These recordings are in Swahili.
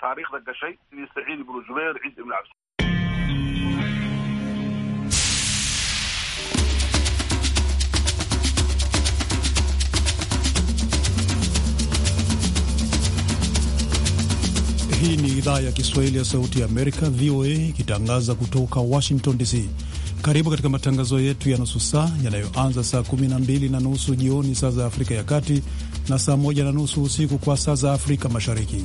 taariikhda gashay sidii saciid ibnu jubayr عيد ibnu cabdi Hii ni idhaa ya Kiswahili ya Sauti ya Amerika, VOA, ikitangaza kutoka Washington DC. Karibu katika matangazo yetu ya nusu saa yanayoanza saa 12 na nusu jioni saa za Afrika ya Kati na saa 1 na nusu usiku kwa saa za Afrika Mashariki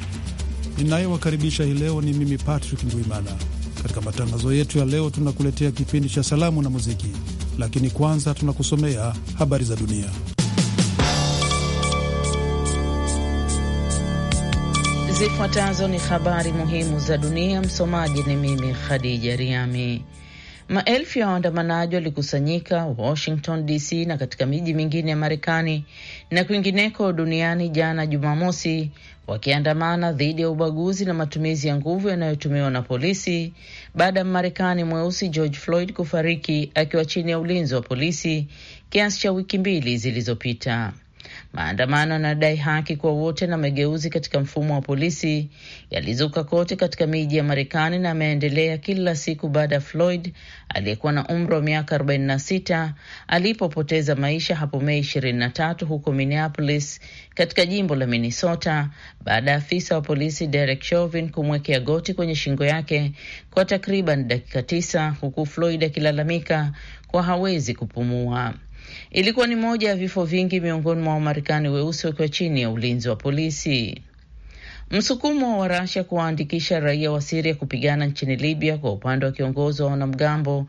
ninayewakaribisha hii leo ni mimi Patrick Ndwimana. Katika matangazo yetu ya leo, tunakuletea kipindi cha salamu na muziki, lakini kwanza tunakusomea habari za dunia. Zifuatazo ni habari muhimu za dunia. Msomaji ni mimi Khadija Riami. Maelfu ya waandamanaji walikusanyika Washington DC na katika miji mingine ya Marekani na kwingineko duniani jana Jumamosi, wakiandamana dhidi ya ubaguzi na matumizi ya nguvu yanayotumiwa na polisi baada ya mmarekani mweusi George Floyd kufariki akiwa chini ya ulinzi wa polisi kiasi cha wiki mbili zilizopita. Maandamano yanadai haki kwa wote na mageuzi katika mfumo wa polisi yalizuka kote katika miji ya Marekani na ameendelea kila siku baada ya Floyd aliyekuwa na umri wa miaka 46 alipopoteza maisha hapo Mei 23 huko Minneapolis katika jimbo la Minnesota baada ya afisa wa polisi Derek Chauvin kumwekea goti kwenye shingo yake kwa takriban dakika tisa huku Floyd akilalamika kwa hawezi kupumua. Ilikuwa ni moja ya vifo vingi miongoni mwa Wamarekani weusi wakiwa chini ya ulinzi wa polisi. Msukumo wa Rasia kuwaandikisha raia wa Siria kupigana nchini Libya kwa upande wa kiongozi wa wanamgambo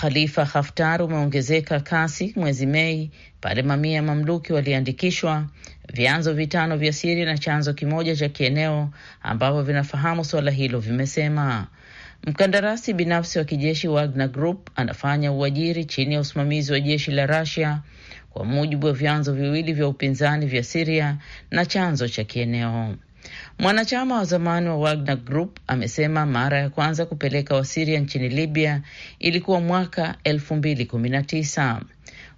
Khalifa Haftar umeongezeka kasi mwezi Mei pale mamia ya mamluki waliandikishwa, vyanzo vitano vya Siria na chanzo kimoja cha kieneo ambavyo vinafahamu suala hilo vimesema. Mkandarasi binafsi wa kijeshi Wagner Group anafanya uajiri chini ya usimamizi wa jeshi la Russia kwa mujibu wa vyanzo viwili vya upinzani vya Siria na chanzo cha kieneo. Mwanachama wa zamani wa Wagner Group amesema mara ya kwanza kupeleka Wasiria nchini Libya ilikuwa mwaka elfu mbili kumi na tisa.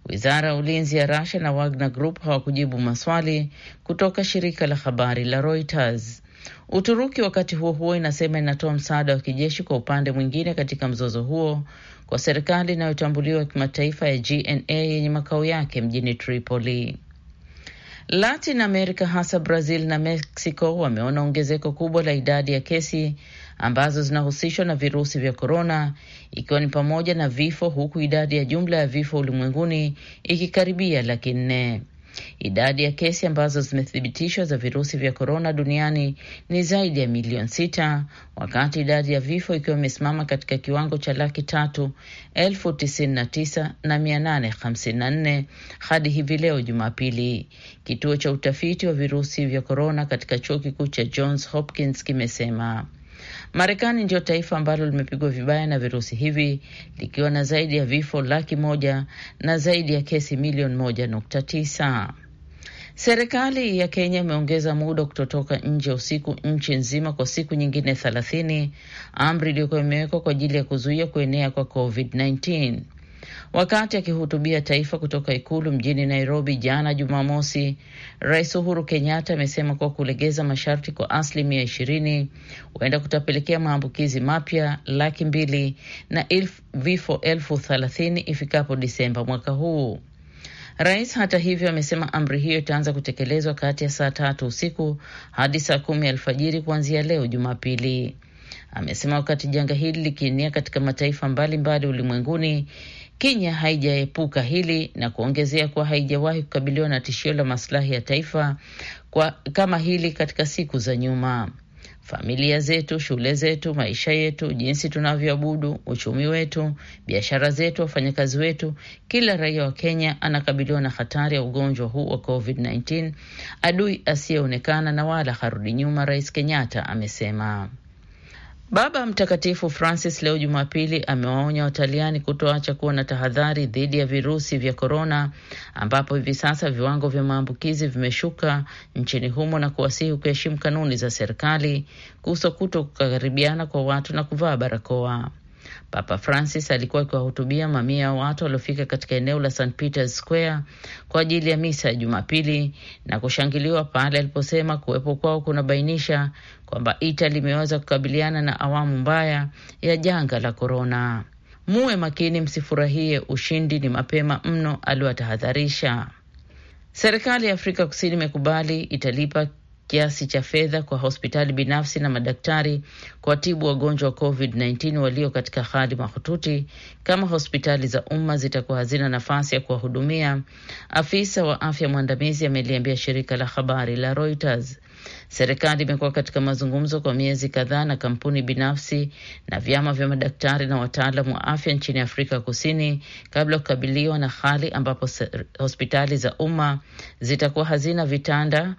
Wizara ya ulinzi ya Russia na Wagner Group hawakujibu maswali kutoka shirika la habari la Reuters. Uturuki wakati huo huo inasema inatoa msaada wa kijeshi kwa upande mwingine katika mzozo huo kwa serikali inayotambuliwa kimataifa ya GNA yenye makao yake mjini Tripoli. Latin America hasa Brazil na Mexico wameona ongezeko kubwa la idadi ya kesi ambazo zinahusishwa na virusi vya korona, ikiwa ni pamoja na vifo, huku idadi ya jumla ya vifo ulimwenguni ikikaribia laki nne. Idadi ya kesi ambazo zimethibitishwa za virusi vya korona duniani ni zaidi ya milioni sita, wakati idadi ya vifo ikiwa imesimama katika kiwango cha laki tatu elfu tisini na tisa na mia nane hamsini na nne hadi hivi leo Jumapili. Kituo cha utafiti wa virusi vya korona katika chuo kikuu cha Johns Hopkins kimesema Marekani ndiyo taifa ambalo limepigwa vibaya na virusi hivi likiwa na zaidi ya vifo laki moja na zaidi ya kesi milioni moja nukta tisa. Serikali ya Kenya imeongeza muda kutotoka nje usiku nchi nzima kwa siku nyingine thelathini, amri iliyokuwa imewekwa kwa ajili ya kuzuia kuenea kwa COVID-19. Wakati akihutubia taifa kutoka ikulu mjini Nairobi jana Jumamosi, Rais Uhuru Kenyatta amesema kuwa kulegeza masharti kwa asilimia ishirini huenda kutapelekea maambukizi mapya laki mbili na elf, vifo elfu thelathini ifikapo Disemba mwaka huu. Rais hata hivyo amesema amri hiyo itaanza kutekelezwa kati ya saa tatu usiku hadi saa kumi alfajiri kuanzia leo Jumapili. Amesema wakati janga hili likienea katika mataifa mbalimbali ulimwenguni, Kenya haijaepuka hili na kuongezea kuwa haijawahi kukabiliwa na tishio la maslahi ya taifa kwa kama hili katika siku za nyuma. Familia zetu, shule zetu, maisha yetu, jinsi tunavyoabudu, uchumi wetu, biashara zetu, wafanyakazi wetu, kila raia wa Kenya anakabiliwa na hatari ya ugonjwa huu wa COVID-19, adui asiyeonekana na wala harudi nyuma, Rais Kenyatta amesema. Baba Mtakatifu Francis leo Jumapili amewaonya Wataliani kutoacha kuwa na tahadhari dhidi ya virusi vya korona, ambapo hivi sasa viwango vya maambukizi vimeshuka nchini humo na kuwasihi kuheshimu kanuni za serikali kuhusu kuto kukaribiana kwa watu na kuvaa barakoa. Papa Francis alikuwa akiwahutubia mamia ya watu waliofika katika eneo la St Peter's Square kwa ajili ya misa ya Jumapili na kushangiliwa pale aliposema kuwepo kwao kunabainisha kwamba itali imeweza kukabiliana na awamu mbaya ya janga la korona. Muwe makini, msifurahie ushindi, ni mapema mno, aliwatahadharisha. Serikali ya Afrika Kusini imekubali italipa kiasi cha fedha kwa hospitali binafsi na madaktari kuwatibu wagonjwa wa COVID-19 walio katika hali mahututi kama hospitali za umma zitakuwa hazina nafasi ya kuwahudumia. Afisa wa afya mwandamizi ameliambia shirika la habari la Reuters. Serikali imekuwa katika mazungumzo kwa miezi kadhaa na kampuni binafsi na vyama vya madaktari na wataalam wa afya nchini Afrika Kusini kabla ya kukabiliwa na hali ambapo hospitali za umma zitakuwa hazina vitanda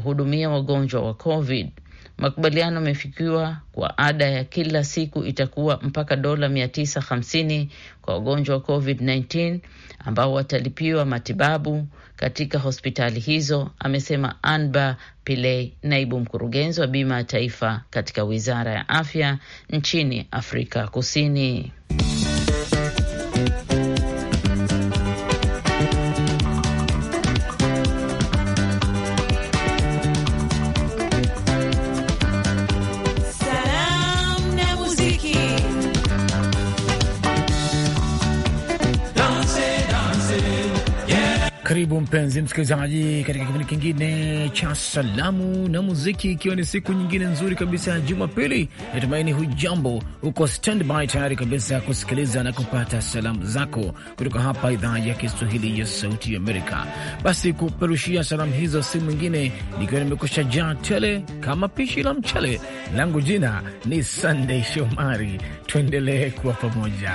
kuhudumia wagonjwa wa COVID. Makubaliano yamefikiwa kwa ada ya kila siku itakuwa mpaka dola 950 kwa wagonjwa wa COVID-19 ambao watalipiwa matibabu katika hospitali hizo, amesema Anba Pillay, naibu mkurugenzi wa bima ya taifa katika wizara ya afya nchini Afrika Kusini. mpenzi msikilizaji, katika kipindi kingine cha salamu na muziki, ikiwa ni siku nyingine nzuri kabisa ya Jumapili. Natumaini hujambo, uko standby tayari kabisa kusikiliza na kupata salamu zako kutoka hapa idhaa ya Kiswahili ya Sauti Amerika. Basi kuperushia salamu hizo si mwingine nikiwa nimekusha jaa tele kama pishi la mchele. Langu jina ni Sandey Shomari, tuendelee kuwa pamoja.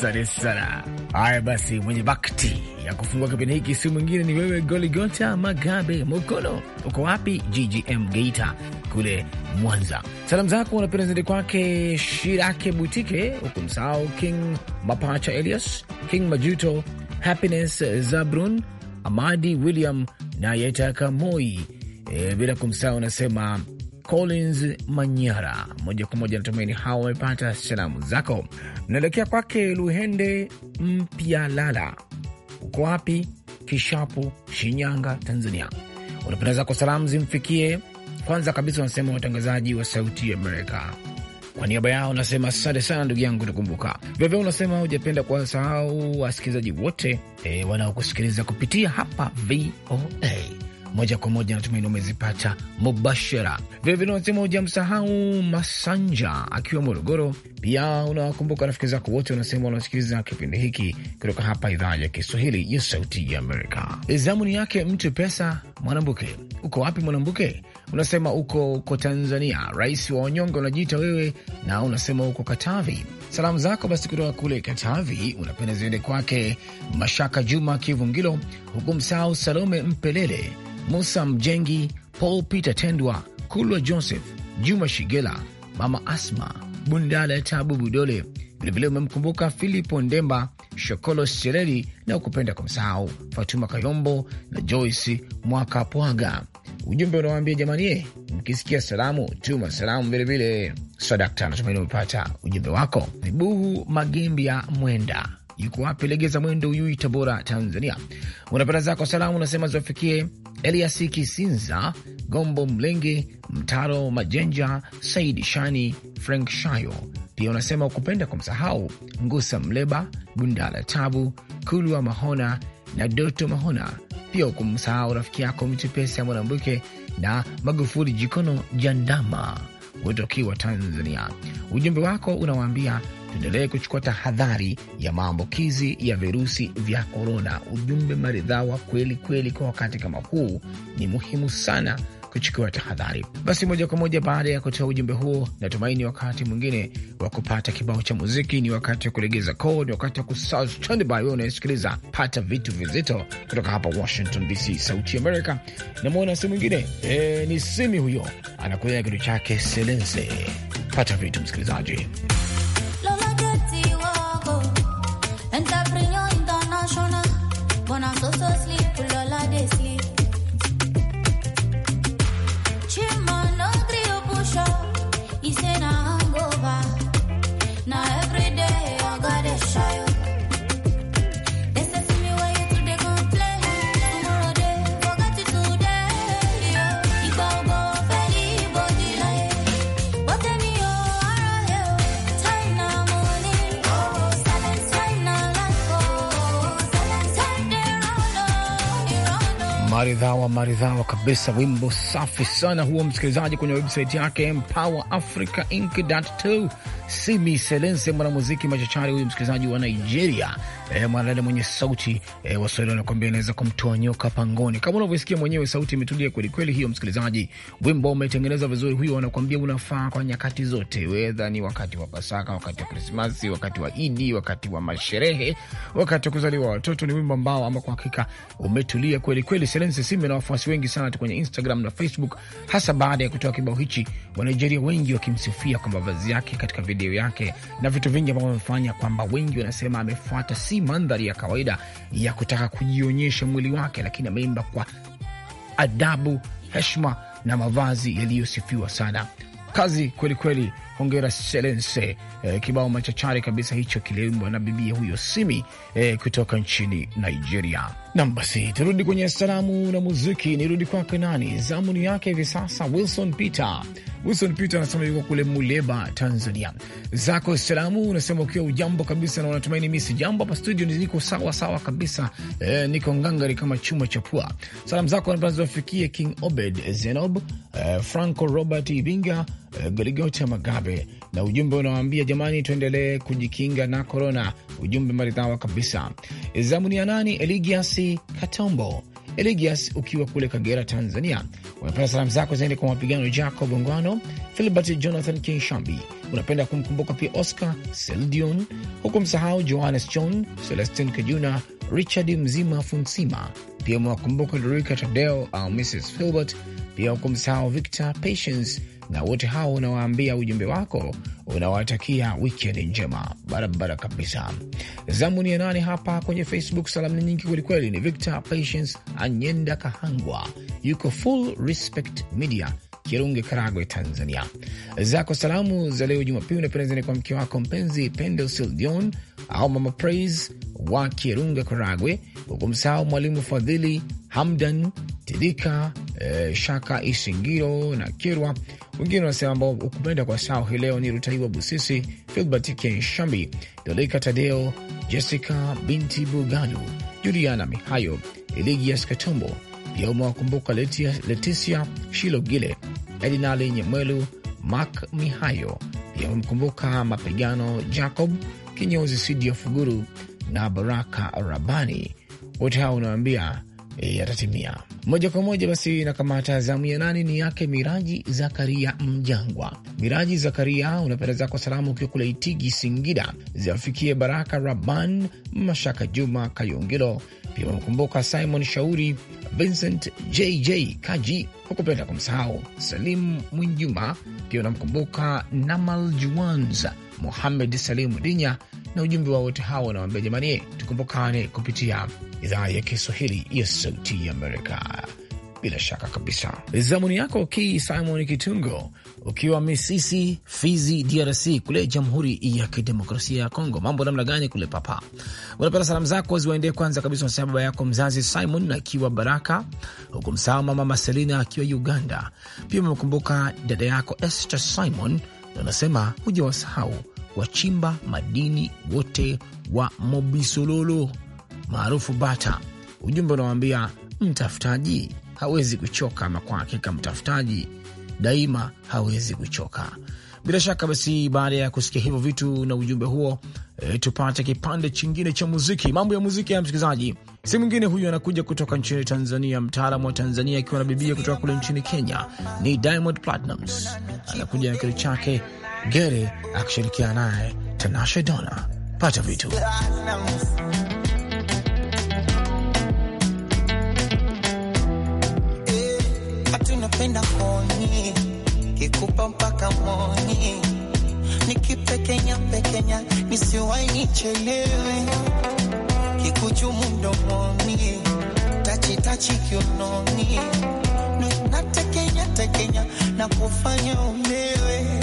Sare sana. Haya basi, mwenye bakti ya kufungua kipindi hiki si mwingine ni wewe Goligota Magabe Mokolo, uko wapi? GGM Geita kule Mwanza. Salamu zako unapenda zaidi kwake Shirake Butike, ukumsahau King Mapacha, Elias King Majuto, Happiness Zabrun, Amadi William na Yetaka Moi, e, bila kumsahau unasema Collins Manyara. Moja kwa moja, natumaini hawa wamepata salamu zako. Naelekea kwake Luhende Mpyalala, uko wapi? Kishapu, Shinyanga, Tanzania. Unapendeza kwa salamu zimfikie kwanza kabisa, wanasema watangazaji wa Sauti ya Amerika. Kwa niaba yao unasema asante sana ndugu yangu kutukumbuka Vilevile unasema hujapenda kuwasahau wasikilizaji wote e, wanaokusikiliza kupitia hapa VOA moja kwa moja, natumaini umezipata mubashara. Vilevile unasema hujamsahau Masanja akiwa Morogoro. Pia unawakumbuka rafiki zako wote, unasema wanasikiliza kipindi hiki kutoka hapa idhaa ya Kiswahili ya Sauti ya Amerika. Zamuni yake mtu pesa Mwanambuke. Uko wapi Mwanambuke? Unasema uko uko Tanzania, rais wa wanyonge unajiita wewe, na unasema uko Katavi. Salamu zako basi kutoka kule Katavi unapenda ziende kwake Mashaka Juma Kivungilo, huku msahau Salome Mpelele Musa Mjengi, Paul Peter Tendwa, Kulwa Joseph, Juma Shigela, Mama Asma Bundala Tabu Budole. Vilevile umemkumbuka Filipo Ndemba, Shokolo Schereri na ukupenda kumsahau Fatuma Kayombo na Joyce Mwaka Pwaga. Ujumbe unawaambia jamani, ye eh, mkisikia salamu tuma salamu vilevile. dakta, natumaini umepata ujumbe wako. Vibuhu Magembia Mwenda yuko wapi? Legeza Mwendo, Uyui, Tabora, Tanzania. Unapenda zako salamu, unasema ziwafikie Elias Kisinza, Gombo Mlenge, Mtaro Majenja, Said Shani, Frank Shayo. Pia unasema ukupenda kumsahau Ngusa Mleba, bundala Tabu, Kulwa Mahona na Doto Mahona. Pia ukumsahau rafiki yako Mtupesa Mwanambuke na Magufuli Jikono Jandama, wote wakiwa Tanzania. Ujumbe wako unawaambia tuendelee kuchukua tahadhari ya maambukizi ya virusi vya korona. Ujumbe maridhawa kweli kweli kwa wakati kama huu, ni muhimu sana kuchukua tahadhari. Basi moja kwa moja, baada ya kutoa ujumbe huo, natumaini wakati mwingine wa kupata kibao cha muziki. Ni wakati wa kulegeza koo, ni wakati wa kusaa standby. Wewe unayesikiliza, pata vitu vizito kutoka hapa Washington DC, Sauti Amerika. Namwona si mwingine e, ni Simi huyo anakuea kitu chake Selense. Pata vitu msikilizaji. maridhawa kabisa, wimbo safi sana huo, msikilizaji, kwenye website yake Empower Africa Inc. Simi Selense, mwanamuziki machachari huyu, msikilizaji wa Nigeria, e, mwanadada mwenye sauti e, eh, Waswahili wanakuambia anaweza kumtoa nyoka pangoni, kama unavyosikia mwenyewe, sauti imetulia kwelikweli. Hiyo msikilizaji, wimbo umetengeneza vizuri, huyo wanakuambia unafaa kwa nyakati zote, wedha ni wakati wa Pasaka, wakati wa Krismasi, wakati wa Idi, wakati wa masherehe, wakati wa kuzaliwa watoto. Ni wimbo ambao ama kwa hakika umetulia kwelikweli. Selense Simi na wafuasi wengi sana tu kwenye Instagram na Facebook, hasa baada ya kutoa kibao hichi, Wanigeria wengi wakimsifia kwa mavazi yake katika video video yake na vitu vingi ambavyo amefanya, kwamba wengi wanasema amefuata si mandhari ya kawaida ya kutaka kujionyesha mwili wake, lakini ameimba kwa adabu, heshima na mavazi yaliyosifiwa sana. Kazi kwelikweli hongera selense. E, eh, kibao machachari kabisa hicho kiliimbwa na bibia huyo Simi e, kutoka nchini Nigeria. Nam, basi turudi kwenye salamu na muziki, nirudi kwake nani zamuni yake hivi sasa, Wilson Peter. Wilson Peter anasema yuko kule Muleba, Tanzania. Zako salamu unasema ukiwa ujambo kabisa, na unatumaini mi si jambo hapa studio, niko sawa sawa kabisa e, niko ngangari kama chuma cha pua. Salamu zako nafikie King Obed Zenob, e, Franco Robert Ibinga Eh, Goligota Magabe na ujumbe unawaambia jamani, tuendelee kujikinga na korona. Ujumbe maridhawa kabisa. Zamu ni ya nani? Eligias Katombo. Eligias, ukiwa kule Kagera, Tanzania, unapenda salamu zako zaende kwa mapigano Jacob Ngwano, Filibert Jonathan Kinshambi. Unapenda kumkumbuka pia Oscar Seldion, huku msahau Johannes John, Celestin Kajuna, Richard Mzima Funsima. Pia umewakumbuka Dorika Tadeo au uh, Mrs Filbert, pia huku msahau Victor Patience na wote hao unawaambia ujumbe wako, unawatakia wikendi njema barabara kabisa. Zamu ni ya nane hapa kwenye Facebook. Salamu ni nyingi kwelikweli. Ni Victor Patience Anyenda Kahangwa, yuko Full Respect Media Kirunge, Karagwe, Tanzania. Zako salamu za leo Jumapili unapendezani kwa mke wako mpenzi Pendo Sildion au Mama Praise wa Kirunge, Karagwe, huku msahau Mwalimu Fadhili Hamdan Tidika, eh, Shaka Isingiro na Kirwa. Wengine wanasema ambao ukupenda kwa sao hii leo ni Rutaiwa Busisi, Filbert Kenshambi, Dolika Tadeo, Jessica binti Bugalu, Juliana Mihayo, Eligias Katombo. Pia umewakumbuka Leticia Shilogile Edinali Nyemwelu, Mak Mihayo. Pia wamemkumbuka Mapigano Jacob kinyozi Sidia Fuguru na Baraka Rabani, wote hao unawaambia E, yatatimia moja kwa moja. Basi na kamata zamu ya nane ni yake Miraji Zakaria Mjangwa. Miraji Zakaria, unapenda zako salamu ukiwa kule Itigi, Singida, ziwafikie Baraka Raban, Mashaka Juma Kayungilo, pia wamkumbuka Simon Shauri, Vincent JJ Kaji, hukupenda kumsahau Salim Mwinjuma, pia unamkumbuka Namal Juanza Muhamed Salimu Dinya, na ujumbe wa wote hawa wanawambia, jamani, tukumbukane kupitia idhaa ya Kiswahili ya Sauti ya Amerika. Bila shaka kabisa, zamuni yako ki Simon Kitungo ukiwa Misisi, Fizi, DRC kule Jamhuri ya Kidemokrasia ya Kongo. Mambo namna gani kule papa? Unapenda salamu zako ziwaendee, kwanza kabisa unasema baba yako mzazi Simon akiwa Baraka huku, msawa, mama Marcelina akiwa Uganda. Pia umekumbuka dada yako Esther Simon na unasema wasahau wachimba madini wote wa Mobisololo maarufu Bata. Ujumbe unawaambia mtafutaji hawezi kuchoka, ama kwa hakika mtafutaji daima hawezi kuchoka. Bila shaka basi, baada ya kusikia hivyo vitu na ujumbe huo, e, tupate kipande chingine cha muziki. Mambo ya muziki ya msikilizaji si mwingine huyu, anakuja kutoka nchini Tanzania, mtaalamu wa Tanzania akiwa na bibia kutoka kule nchini Kenya, ni Diamond Platnumz anakuja na kitu chake Gere akishirikiana naye Tanasha Dona. Pata vitu tunapenda koni kikupa mpaka moni nikipekenya pekenya nisiwai nichelewe kikuchumu mdomoni tachitachi kiunoni natekenya tekenya na kufanya ulewe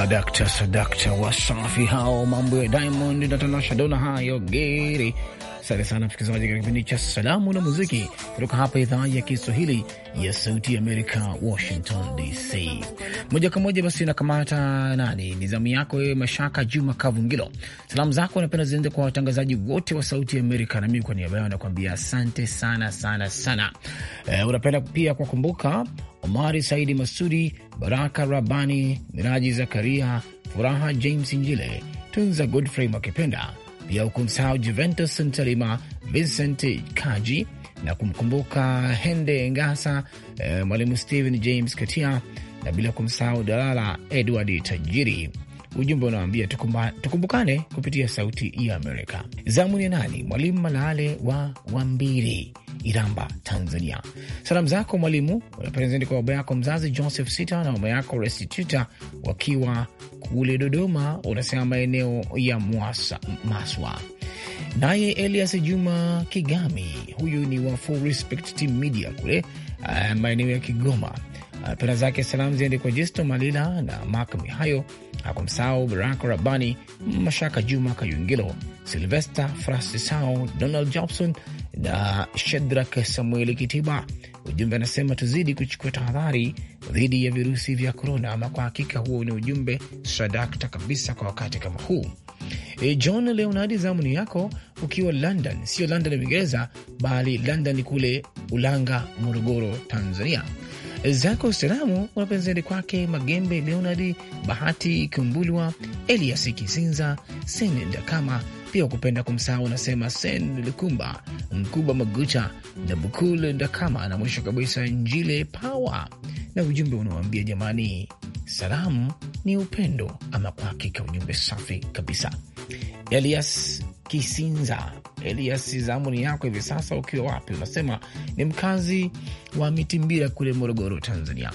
Sadakta sadakta, Wasafi hao, mambo ya Diamond na Tanasha Dona, hayo gere Asante sana msikilizaji, katika kipindi cha salamu na muziki kutoka hapa idhaa ya Kiswahili ya sauti Amerika, Washington DC. Moja kwa moja basi nakamata nani ni zamu yako wewe, Mashaka Juma Kavungilo. Salamu zako napenda ziende kwa watangazaji wote wa sauti Amerika, na mimi kwa niaba yao nakuambia asante sana sana sana. E, unapenda pia kuwakumbuka Omari Saidi Masudi, Baraka Rabani, Miraji Zakaria, Furaha James Njile, Tunza Godfrey Makipenda, pia hukumsahau Juventus Ntalima, Vincent Kaji na kumkumbuka Hende Ngasa, eh, mwalimu Stephen James Katia na bila kumsahau Dalala Edward Tajiri ujumbe unawambia tukumbukane kupitia Sauti ya Amerika. Zamu ni nani? Mwalimu Malale wa Wambiri, Iramba, Tanzania. Salamu zako mwalimu unaprezenti kwa baba yako mzazi Joseph Sita na mama yako Restituta wakiwa kule Dodoma, unasema maeneo ya Mwasa, Maswa. Naye Elias Juma Kigami, huyu ni wa Full Respect Team Media kule uh, maeneo ya Kigoma. Uh, pena zake salamu ziende kwa Jesto Malila na Mak Mihayo hakumsahau Barack Rabani, Mashaka Juma Kayungilo, Silvester Francisao, Donald Jobson na Shedrak Samueli Kitiba. Ujumbe anasema tuzidi kuchukua tahadhari dhidi ya virusi vya korona. Ama kwa hakika huo ni ujumbe sadakta kabisa kwa wakati kama huu. E, John Leonardi, zamuni yako ukiwa London, sio London ya Uingereza bali London kule Ulanga, Morogoro, Tanzania zako salamu unapenzani kwake Magembe Leonard Bahati Kumbulwa, Elias kisinza Sen Ndakama, pia kupenda kumsahau unasema Sen Lukumba, Mkuba Magucha na Bukul Ndakama, na mwisho kabisa Njile Pawa. Na ujumbe unawambia jamani, salamu ni upendo, ama kwa hakika ujumbe safi kabisa. Elias Kisinza. Elias, ni yako hivi sasa, ukiwa wapi? Unasema ni mkazi wa Mitimbira kule Morogoro, Tanzania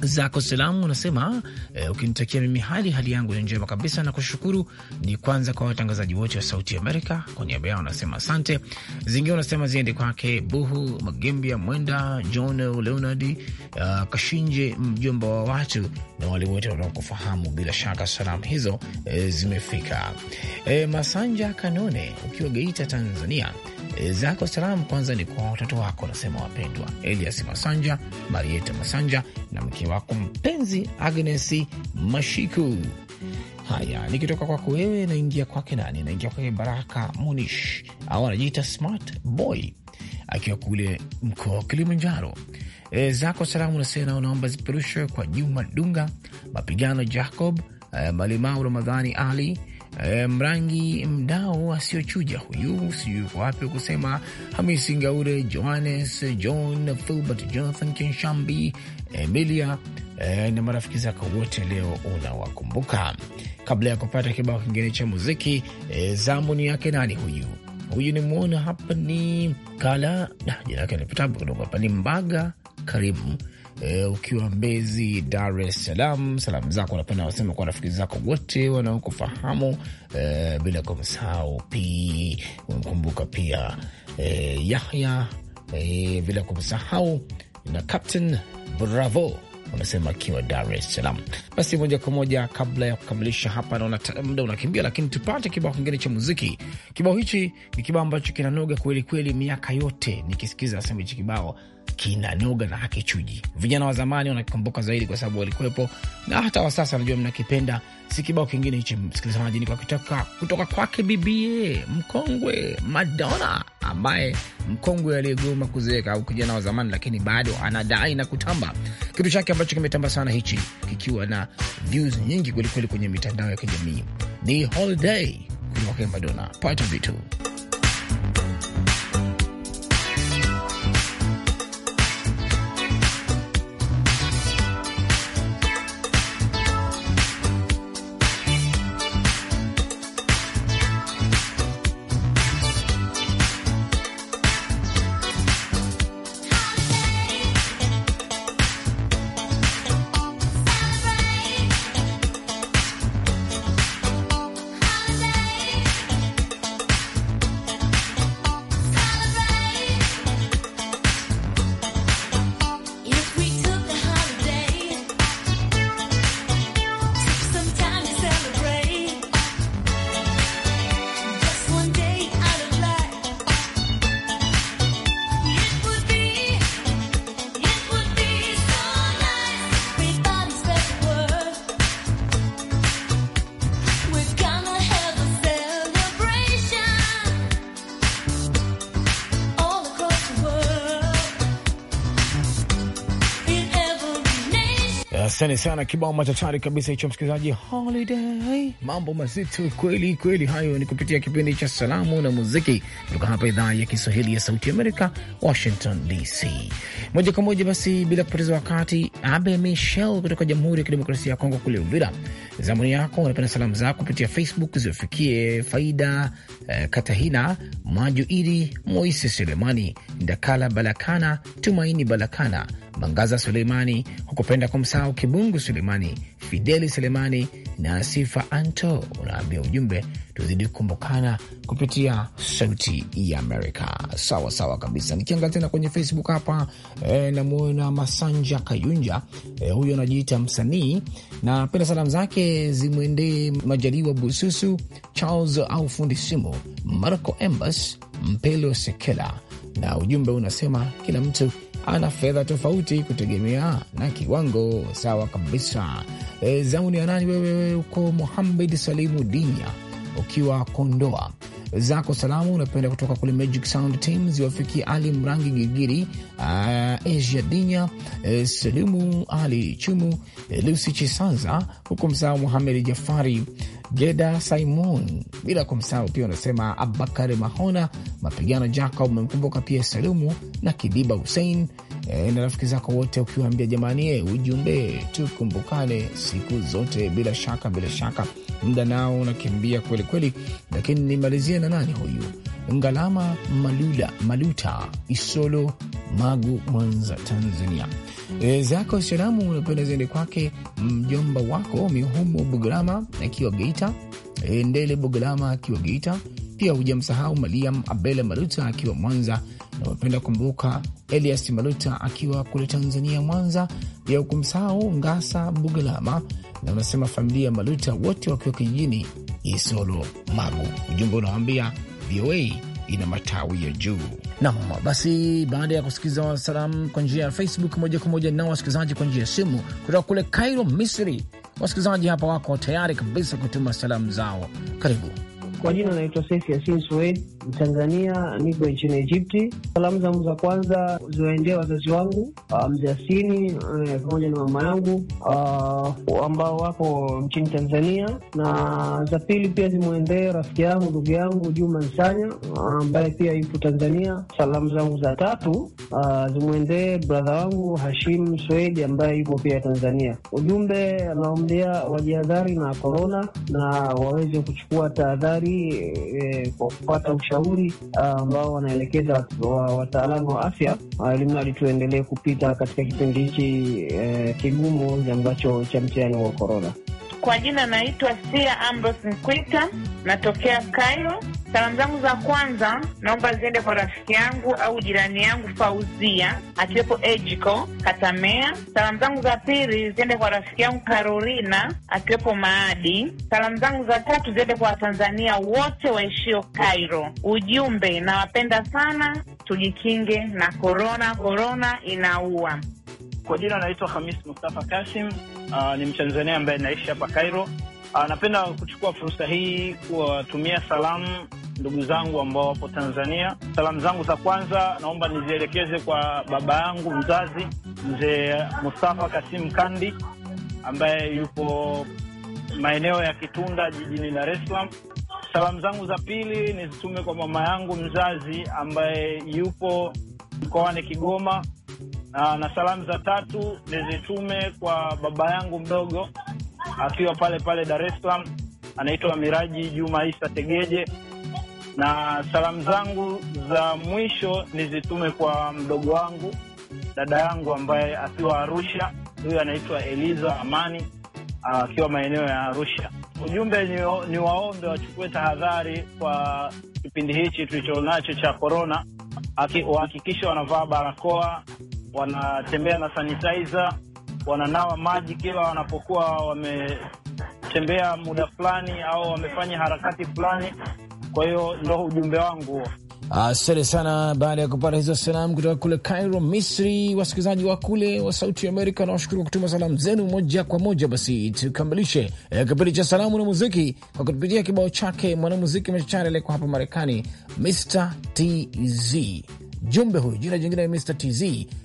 zako salamu unasema e, ukinitakia mimi hali hali yangu ni njema kabisa na kushukuru ni kwanza kwa watangazaji wote wa Sauti Amerika. Kwa niaba yao unasema asante. Zingine unasema ziende kwake Buhu Magembia, Mwenda John Leonard, uh, Kashinje, mjomba wa watu na wale wote wanaokufahamu. Bila shaka salamu hizo e, zimefika. E, Masanja Kanone ukiwa Geita, Tanzania, e, zako salamu kwanza ni kwa watoto wako, unasema wapendwa Elias Masanja, Marieta Masanja na mke mke wako mpenzi Agnes Mashiku. Haya, nikitoka kwako wewe naingia kwake nani? Naingia kwake Baraka Munish au anajiita Smart Boy akiwa kule mkoa wa Kilimanjaro. E, zako salamu nasema unaomba ziperushwe kwa Juma Dunga, Mapigano Jacob, e, Malimau Ramadhani Ali e, Mrangi Mdao asiyochuja huyu, sijui uko wapi kusema, Hamisi Ngaure, Johannes John, Filbert Jonathan Kenshambi, Emilia e, na marafiki zako wote leo unawakumbuka. Kabla ya kupata kibao kingine cha muziki e, eh, zamuni yake nani huyu huyu nimwona hapa ni kala jina lake kidogo hapa ni Mbaga Karimu Eh, ukiwa Mbezi, Dar es Salaam, salamu zako napenda wasema kwa rafiki zako wote wanaokufahamu e, bila kumsahau pi umemkumbuka pia e, Yahya e, bila kumsahau na Captain Bravo unasema akiwa Dar es Salaam. Basi moja kwa moja, kabla ya kukamilisha hapa, naona muda unakimbia, lakini tupate kibao kingine cha muziki. Kibao hichi ni kibao ambacho kinanoga kweli kweli, miaka yote nikisikiza, nasema hichi kibao kinanoga na hakichuji. Vijana wa zamani wanakikumbuka zaidi kwa sababu walikuwepo, na hata wa sasa najua mnakipenda. Si kibao kingine hichi, msikilizaji, ni kwa kutoka, kutoka kwake bibie mkongwe Madonna, ambaye mkongwe aliyegoma kuzeeka au kijana wa zamani, lakini bado anadai na kutamba kitu chake ambacho kimetamba sana hichi, kikiwa na views nyingi kwelikweli kwenye mitandao ya kijamii, ni holiday kutoka kwake Madonna, part of it too. Asante sana, kibao machachari kabisa hicho, msikilizaji. Holiday, mambo mazito kweli kweli. Hayo ni kupitia kipindi cha salamu na muziki kutoka hapa idhaa ya Kiswahili ya Sauti Amerika, Washington DC, moja kwa moja. Basi bila kupoteza wakati, Abe Michel kutoka Jamhuri ya Kidemokrasia ya Kongo kule Uvira, zamuni yako, unapenda salamu zako kupitia Facebook ziwafikie Faida eh, Katahina Maju, Idi Moisi, Sulemani Ndakala, Balakana Tumaini, Balakana Mangaza, Suleimani, hukupenda kumsahau Mungu Selemani, Fideli Selemani na Sifa Anto, unaambia ujumbe tuzidi kukumbukana kupitia Sauti ya Amerika. Sawa sawa kabisa. Nikiangalia tena kwenye Facebook hapa e, namwona Masanja Kayunja e, huyo anajiita msanii na penda salamu zake zimwendee Majaliwa Bususu, Charles au fundi simu, Marco Embas Mpelo Sekela, na ujumbe unasema kila mtu ana fedha tofauti kutegemea na kiwango. Sawa kabisa. E, eh, zamu ni ya nani wewe? Uko Muhamed Salimu Dinya ukiwa Kondoa zako salamu unapenda kutoka kule Magic Sound Team ziwafikia Ali Mrangi Gigiri, ah, Asia Dinya, eh, Salimu Ali Chumu, eh, Lusi Chisanza, huku msahau Muhamed Jafari Geda Simon, bila kumsahau pia unasema Abubakari Mahona Mapigano Jaka, umemkumbuka pia Salimu na Kidiba husein e, eh, na rafiki zako wote, ukiwaambia jamani, ujumbe tukumbukane siku zote. Bila shaka bila shaka muda nao unakimbia kweli kweli, lakini nimalizie na nani huyu Ngalama Maluda, Maluta Isolo Magu, Mwanza, Tanzania. E, zako salamu unapenda ziende kwake mjomba wako Mihumo Bugalama akiwa Geita, e, Ndele Bugalama akiwa Geita, pia hujamsahau Maliam Abele Maluta akiwa Mwanza na unapenda kumbuka Elias Maluta akiwa kule Tanzania, Mwanza, pia hukumsahau Ngasa Bugalama na unasema familia ya Maluta wote wakiwa kijijini Isolo Magu. Ujumbe unawaambia VOA ina matawi ya juu. Nam, basi baada ya kusikiliza salamu kwa njia ya Facebook moja kwa moja nao wasikilizaji kwa njia ya simu kutoka kule Kairo, Misri. Wasikilizaji hapa wako tayari kabisa kutuma salamu zao, karibu. Kwa jina naitwa Sefi Asin Sued, Mtanzania, niko nchini Egypti. Salamu zangu za kwanza ziwaendee wazazi wangu ah, mzee Asini eh, pamoja na mama yangu ah, ambao wako nchini Tanzania, na za pili pia zimwendee rafiki yangu ndugu yangu Juma Nsanya ah, ambaye pia yupo Tanzania. Salamu zangu za tatu zimwendee bradha wangu Hashim Swedi ambaye yupo pia Tanzania. Ujumbe anaomdea wajihadhari na korona na waweze kuchukua tahadhari eh, kwa kupata ushauri ah, ambao wanaelekeza wataalamu wa afya, alimradi ah, tuendelee kupita katika kipindi hichi eh, kigumu ambacho cha mtihani wa korona. Kwa jina naitwa Sia Ambrose Mkwita, natokea Cairo. Salamu zangu za kwanza naomba ziende kwa rafiki yangu au jirani yangu Fauzia akiwepo Ejiko Katamea. Salamu zangu za pili ziende kwa rafiki yangu Karolina akiwepo Maadi. Salamu zangu za tatu ziende kwa Watanzania wote waishio Kairo. Ujumbe, nawapenda sana, tujikinge na korona, korona inaua. Kwa jina anaitwa Hamis Mustafa Kasim. Uh, ni Mtanzania ambaye naishi hapa Kairo. Ah, napenda kuchukua fursa hii kuwatumia salamu ndugu zangu ambao wapo Tanzania. Salamu zangu za kwanza naomba nizielekeze kwa baba yangu mzazi, mzee Mustafa Kasim Kandi ambaye yupo maeneo ya Kitunda jijini Dar es Salaam. Salamu zangu za pili nizitume kwa mama yangu mzazi ambaye yupo mkoani Kigoma, ah, na salamu za tatu nizitume kwa baba yangu mdogo akiwa pale pale Dar es Salaam, anaitwa Miraji Juma Isa Tegeje. Na salamu zangu za mwisho nizitume kwa mdogo wangu dada yangu ambaye akiwa Arusha, huyu anaitwa Eliza Amani akiwa maeneo ya Arusha. Ujumbe ni, ni waombe wachukue tahadhari kwa kipindi hichi tulichonacho cha korona, wahakikisha wanavaa barakoa, wanatembea na sanitizer wananawa maji kila wanapokuwa wametembea muda fulani au wamefanya harakati fulani. Kwa hiyo ndo ujumbe wangu huo. Asante sana. Baada ya kupata hizo salamu kutoka kule Cairo, Misri, wasikilizaji wa kule wa Sauti Amerika, nawashukuru kwa kutuma salamu zenu moja kwa moja. Basi tukamilishe eh, kipindi cha salamu na muziki kwa kutupitia kibao chake mwanamuziki machachari aliyekuwa hapa Marekani, Mr TZ Jumbe huyu, jina jingine ni Mr TZ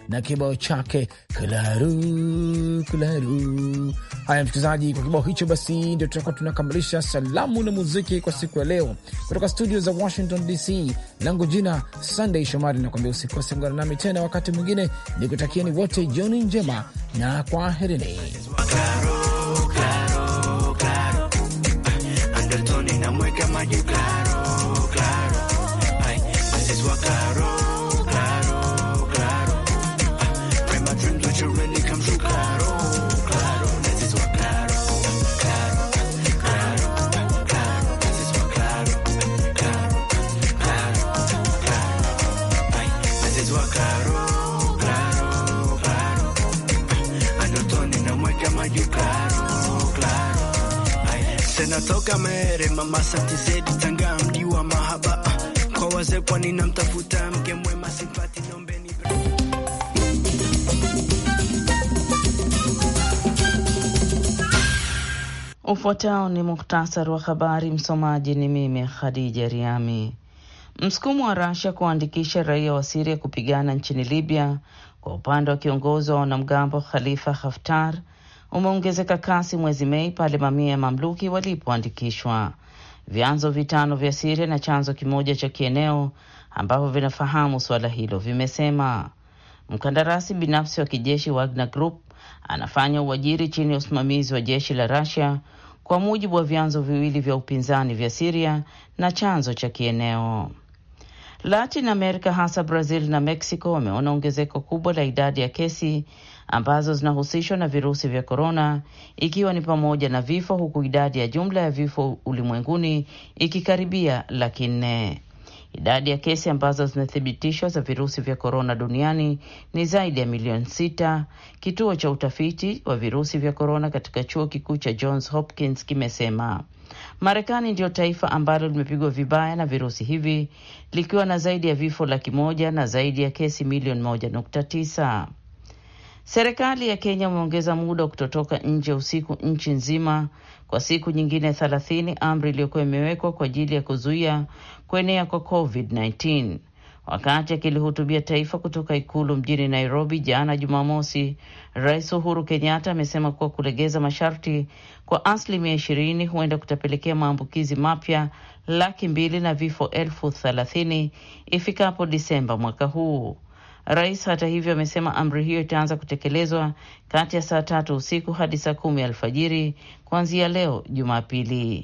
na kibao chake klaru klaru. Haya msikilizaji, kwa kibao hicho basi ndio tutakuwa tunakamilisha salamu na muziki kwa siku ya leo kutoka studio za Washington DC. Langu jina Sunday Shomari, nakwambia usikose, ungana nami tena wakati mwingine, nikutakieni wote jioni njema na kwaherini. kutoka mere mama sati zedi tanga mji wa mahaba kwa wazee, kwani namtafuta mke mwema simpati nombeni Ufuatao ni muhtasari wa habari. Msomaji ni mimi Khadija Riami. Msukumo wa Rasha kuwaandikisha raia wa Siria kupigana nchini Libya kwa upande wa kiongozi wa wanamgambo Khalifa Haftar umeongezeka kasi mwezi Mei pale mamia ya mamluki walipoandikishwa. Vyanzo vitano vya Siria na chanzo kimoja cha kieneo ambavyo vinafahamu suala hilo vimesema mkandarasi binafsi wa kijeshi Wagner Group anafanya uajiri chini ya usimamizi wa jeshi la rasia kwa mujibu wa vyanzo viwili vya upinzani vya Siria na chanzo cha kieneo. Latin America, hasa Brazil na Mexico, wameona ongezeko kubwa la idadi ya kesi ambazo zinahusishwa na virusi vya korona, ikiwa ni pamoja na vifo, huku idadi ya jumla ya vifo ulimwenguni ikikaribia laki nne. Idadi ya kesi ambazo zimethibitishwa za virusi vya korona duniani ni zaidi ya milioni sita. Kituo cha utafiti wa virusi vya korona katika chuo kikuu cha Johns Hopkins kimesema Marekani ndiyo taifa ambalo limepigwa vibaya na virusi hivi likiwa na zaidi ya vifo laki moja na zaidi ya kesi milioni moja nukta tisa. Serikali ya Kenya imeongeza muda wa kutotoka nje usiku nchi nzima kwa siku nyingine thelathini, amri iliyokuwa imewekwa kwa ajili ya kuzuia kuenea kwa COVID-19. Wakati akilihutubia taifa kutoka ikulu mjini Nairobi jana Jumamosi, Rais Uhuru Kenyatta amesema kuwa kulegeza masharti kwa asilimia ishirini huenda kutapelekea maambukizi mapya laki mbili na vifo elfu thelathini ifikapo Disemba mwaka huu. Rais hata hivyo amesema amri hiyo itaanza kutekelezwa kati ya saa tatu usiku hadi saa kumi alfajiri kuanzia leo Jumapili.